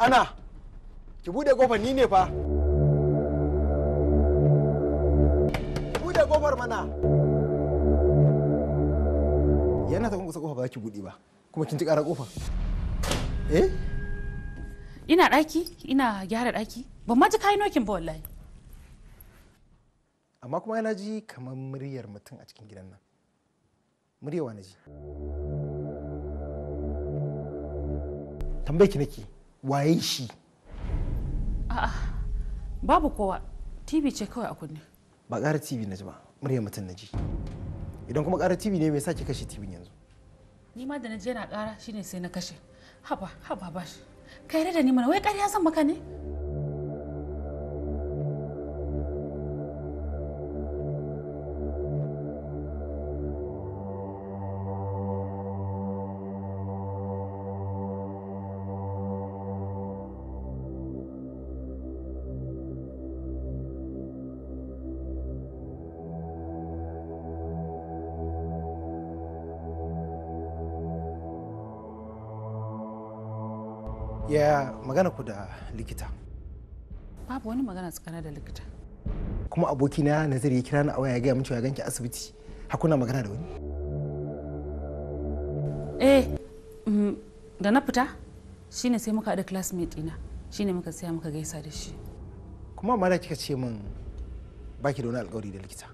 ana ki bude kofar ni ne fa bude kofar mana yana ta kusa kofa ba ki bude ba kuma kin ji ƙara kofa eh ina daki ina gyara daki ban ma ji kayi nokin ba wallahi amma kuma yana ji kamar muryar mutum a cikin gidan nan muryar wani ji tambayi ki nake waye shi a'a babu kowa tv ce kawai a kunne ba ƙara tv na ji ba murya mutum na ji idan kuma ƙara tv ne mai sa ki kashe tv yanzu ni ma da na je na ƙara shine sai na kashe haba haba bashi kai da ni mana wai ƙarya zan maka ne ya magana ku da likita babu wani magana tsakanin da likita kuma abokina nazari ya kira ni a waya ya gaya cewa ya ganki asibiti hakuna magana da wani eh mm, da na fita shine sai muka da classmate ɗina shine muka saya muka gaisa da shi kuma amma da kika ce min baki da wani alƙawari da likita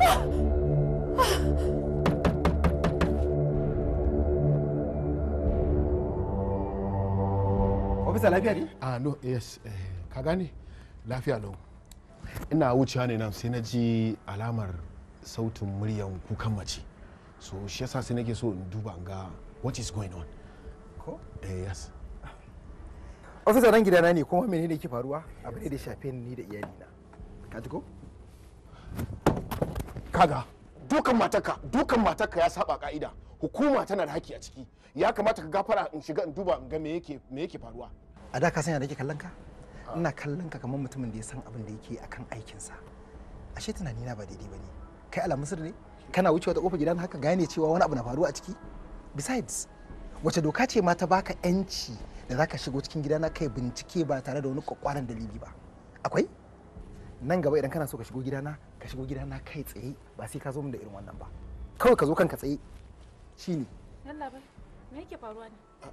Ah! ofisa lafiya ne ah no yes eh, ka gane lafiya lau ina wucewa ne nan sai na ji alamar sautin muryan kukan mace so shi yasa sai nake so in duba ga what is going on ko eh yes ofisa gida gidana ne kuma da ke faruwa abu ne da shafe ni da iyalina ka ji ko kaga dukan matarka dukan matarka ya saba ka'ida hukuma tana da haƙƙi a ciki ya kamata ka gafara in shiga in duba in ga me yake faruwa a da ka san da ke kallon ka ah. ina kallon ka kamar mutumin da ya san abin da yake akan aikinsa ashe tunani na ba daidai ba ne? kai ala misir ne kana wucewa ta kofar gidan haka gane cewa wani abu na faruwa a ciki besides wace doka ce ma ta baka yanci da zaka shigo cikin gidana kai bincike ba tare da wani kwakwaran dalili ba akwai nan gaba idan kana so ka shigo gidana ka shigo gidana kai tsaye ba sai ka zo min da irin wannan ba kawai ka zo kanka tsaye shine yalla bai me yake faruwa ne ah,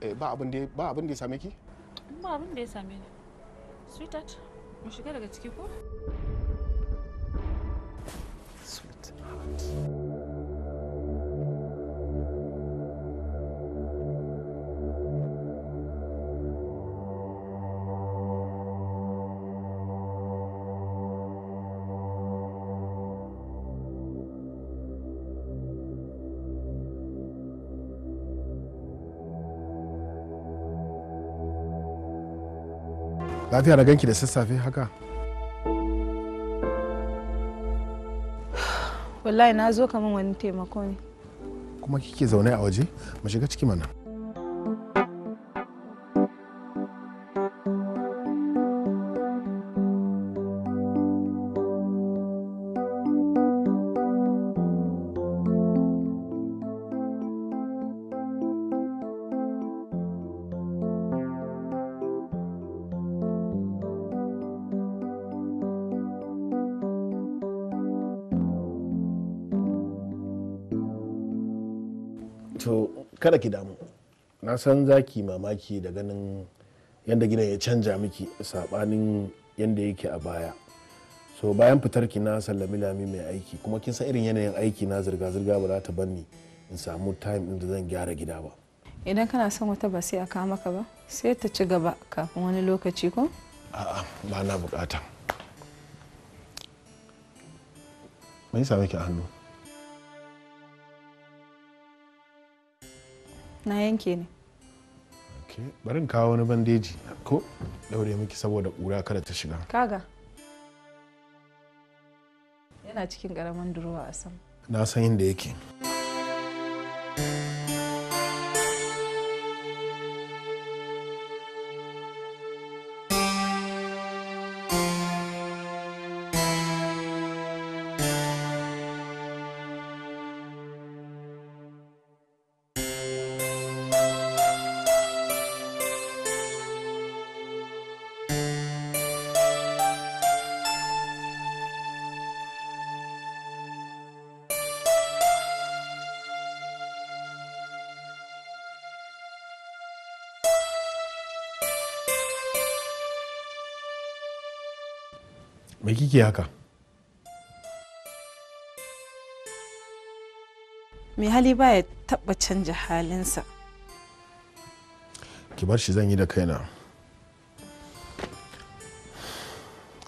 Eh, ba abin da ba abin da ya same ki ba abin da ya same ni sweetheart mu shiga daga ciki ko sweetheart lafiya na ganki da sassafe haka wallahi na zo kamar wani taimako ne kuma kike zaune a waje mu shiga ciki mana to kada ki damu na san za mamaki da ganin yadda gidan ya canja miki sabanin yadda yake a baya so bayan fitar ki na sallami lami mai aiki kuma kin san irin yanayin aiki na zirga-zirga ba za ta banni in samu time inda da zan gyara gida ba idan kana son wata ba sai a kawo maka ba sai ta ci gaba kafin wani lokaci ko a'a ba na bukata me yasa miki a hannu na yanke ne barin kawo wani bandeji ko daure miki saboda ƙura kada ta shiga kaga yana cikin ƙaramin durowa a sama na san inda yake me kike haka mai hali ba ya taba canja halinsa ki bar shi zan yi da kaina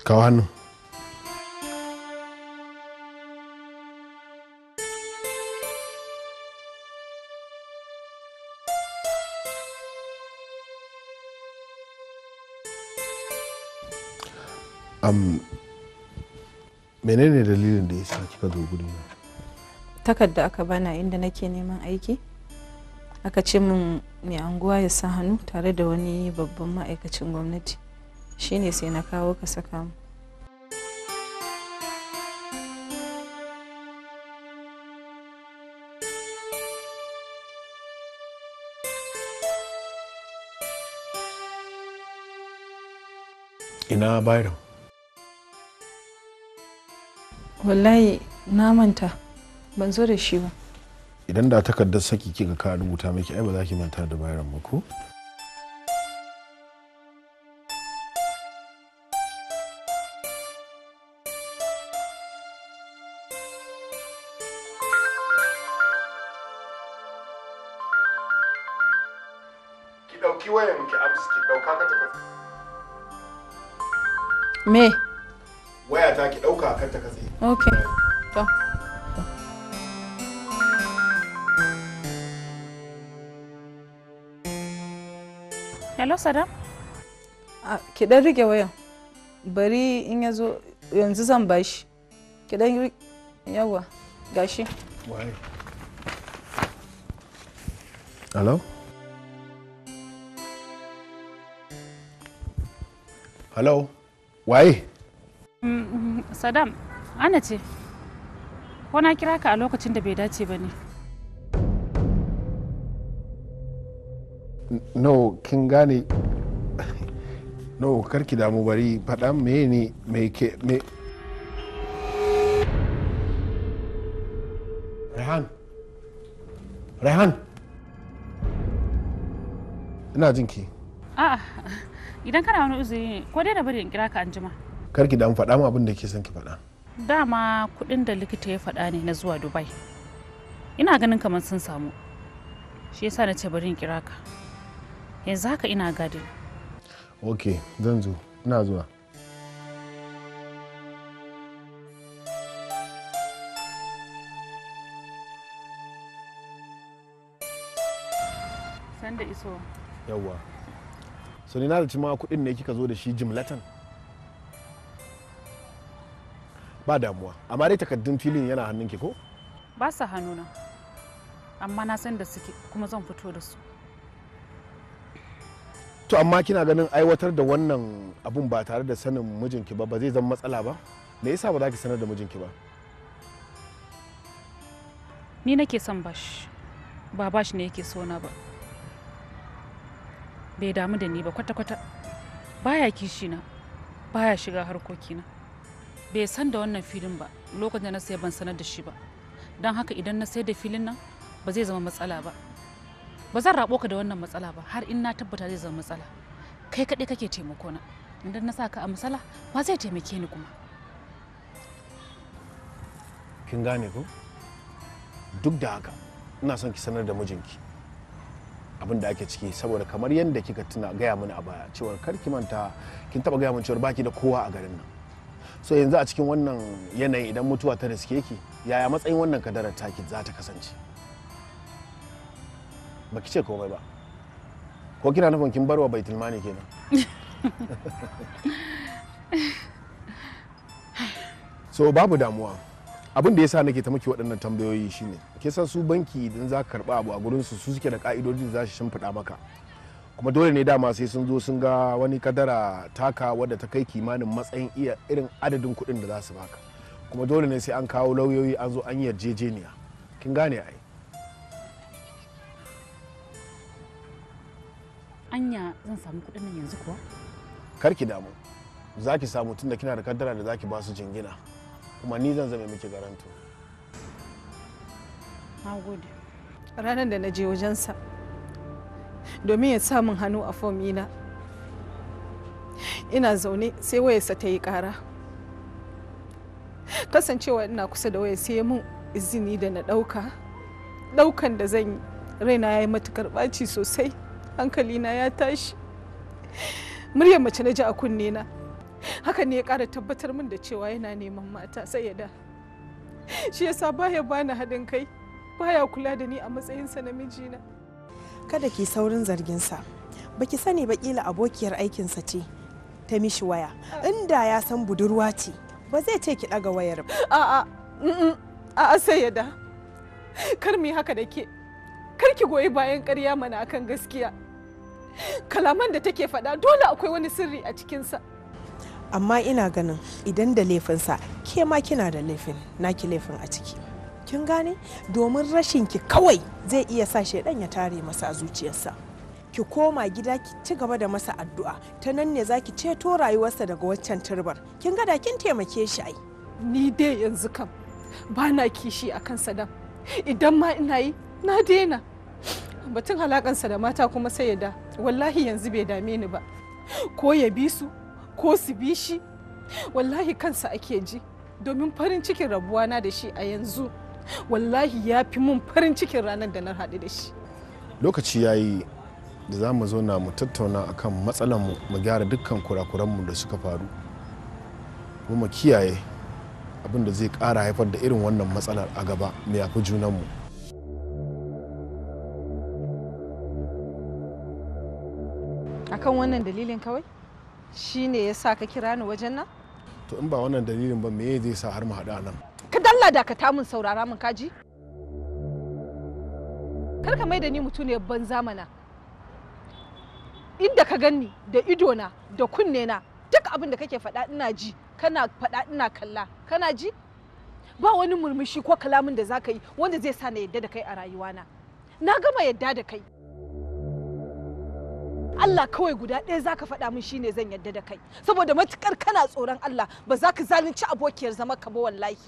kawo hannu um, menene dalilin da ya sa kika zo gurin takarda aka bana inda nake neman aiki aka ce min mai anguwa ya sa hannu tare da wani babban ma'aikacin gwamnati shine sai na kawo ka saka mu ina bayram wallahi na manta ban zo da shi ba idan da takardar saki kika ka rubuta miki ai ba za ki manta da bayaran ba ko ki ɗauki wayan ki amsa ki ɗauka ka tafi me waya ta ki ɗauka kan ta katse. Okay. To. Hello Sadam. Ki ɗan rike wayan. Bari in ya yanzu zan bashi. Ki ɗan yawa gashi. Waye. Hello? Hello? Waye? Saddam, ana ce, wana kira ka a lokacin da bai dace ba ne. No, kin gane, no, karki damu bari faɗan me ne me ke me. Rehan, Rehan, ina jinki. A'a, idan kana wani uzuri ko dai da bari in kira ka anjima. kar ki damu faɗa mu abin da ke son ki faɗa dama kuɗin da likita ya faɗa ne na zuwa dubai ina ganin kamar sun samu shi yasa na ce bari in kira ka yanzu haka ina gadi ok zan zo ina zuwa sanda iso yawwa so ni na da cima kuɗin ne kika zo da shi jimlatan ba damuwa amma dai takaddun filin yana hannun ki ko ba su hannuna amma na san da suke kuma zan fito da su to amma kina ganin aiwatar da wannan abun ba tare da sanin mijinki ba ba zai zama matsala ba me yasa ba za ki sanar da mijinki ba ni nake son bashi ba bashi ne yake sona ba bai damu da ni ba kwata-kwata baya kishina baya shiga harkokina bai san da wannan filin ba lokacin da na saya ban sanar da shi ba don haka idan na sayar da filin nan ba zai zama matsala ba ba zan rabo ka da wannan matsala ba har in na tabbata zai zama matsala kai kaɗai kake taimako na idan na sa ka a matsala ba zai taimake ni kuma kin gane ku duk da haka ina son ki sanar da mijinki abin da ake ciki saboda kamar yadda kika tuna gaya mini a baya cewar kar ki manta kin taba gaya min cewar baki da kowa a garin nan so yanzu a cikin wannan yanayi idan mutuwa ta riske ki yaya matsayin wannan kadarar taki za ta kasance baki ce komai ba ko kina nufin kin barwa baitul mani kenan so babu damuwa abin da yasa nake ta miki waɗannan tambayoyi shine ke san su banki idan za ka karɓa abu a gurin su su suke da ka'idodin za su shimfiɗa maka kuma dole ne dama sai sun zo sun ga wani kadara taka wadda ta kai kimanin matsayin iya irin adadin kuɗin da za su baka kuma dole ne sai an kawo lauyoyi an zo an yarjejeniya kin gane ai anya zan samu kuɗin nan yanzu kuwa kar ki damu za ki samu tunda kina da kadara da za ki basu jingina kuma ni zan zame miki garanto na gode ranar da na je wajensa domin ya samun hannu a fomina. ina zaune sai wayarsa ta yi ƙara kasancewa ina kusa da wayar sai ya mun izini da na ɗauka ɗaukan da zan yi raina ya yi matukar ɓaci sosai na ya tashi muryar mace na ji a kunne na Haka ne ya ƙara tabbatar min da cewa yana neman mata sai ya da shi yasa baya bani haɗin kai baya kula da ni a matsayinsa na mijina kada ki saurin zarginsa baki sani ba kila abokiyar aikinsa ce ta mishi waya inda ya san budurwa ce ba zai ce ki ɗaga wayar ba a a'a sai ya kar mu haka da ke kar ki goyi bayan ƙarya mana akan gaskiya kalaman da take faɗa dole akwai wani sirri a cikinsa amma ina ganin idan da laifinsa ke ma kina da laifin naki laifin a ciki kin gane domin rashin ki kawai zai iya sa shaidan ya tare masa zuciyarsa ki koma gida ki ci gaba da masa addu'a ta nan ne zaki ceto rayuwarsa daga waccan turbar kin gada kin taimake shi ai ni dai yanzu kam ba na kishi a kan sadam idan ma ina yi na daina batun halakansa da mata kuma sai ya da wallahi yanzu bai dame ni ba ko ya bi su ko su bi shi wallahi kansa ake ji domin farin cikin rabuwa na da shi a yanzu wallahi ya fi mun farin cikin ranar da na haɗu da shi lokaci ya yi da za mu zo na mu tattauna akan matsalar mu mu gyara dukkan kurakuranmu da suka faru kuma mu kiyaye abin da zai ƙara haifar da irin wannan matsalar a gaba mu yafi junanmu akan wannan dalilin kawai shine ya sa ka kira ni wajen nan to in ba wannan dalilin ba me zai sa har mu haɗu a nan ka dakata mun saurara mun kaji kar ka mai da ni mutune ban zamana inda ka ganni da ido na da kunne na duk abin da kake faɗa ina ji kana faɗa ina kalla kana ji ba wani murmushi ko kalamin da zaka yi wanda zai sa na yadda da kai a rayuwana na gama yadda da kai Allah kawai guda ɗaya zaka faɗa min shine zan yadda da kai saboda matukar kana tsoron Allah ba za ka zalunci abokiyar zama ka ba wallahi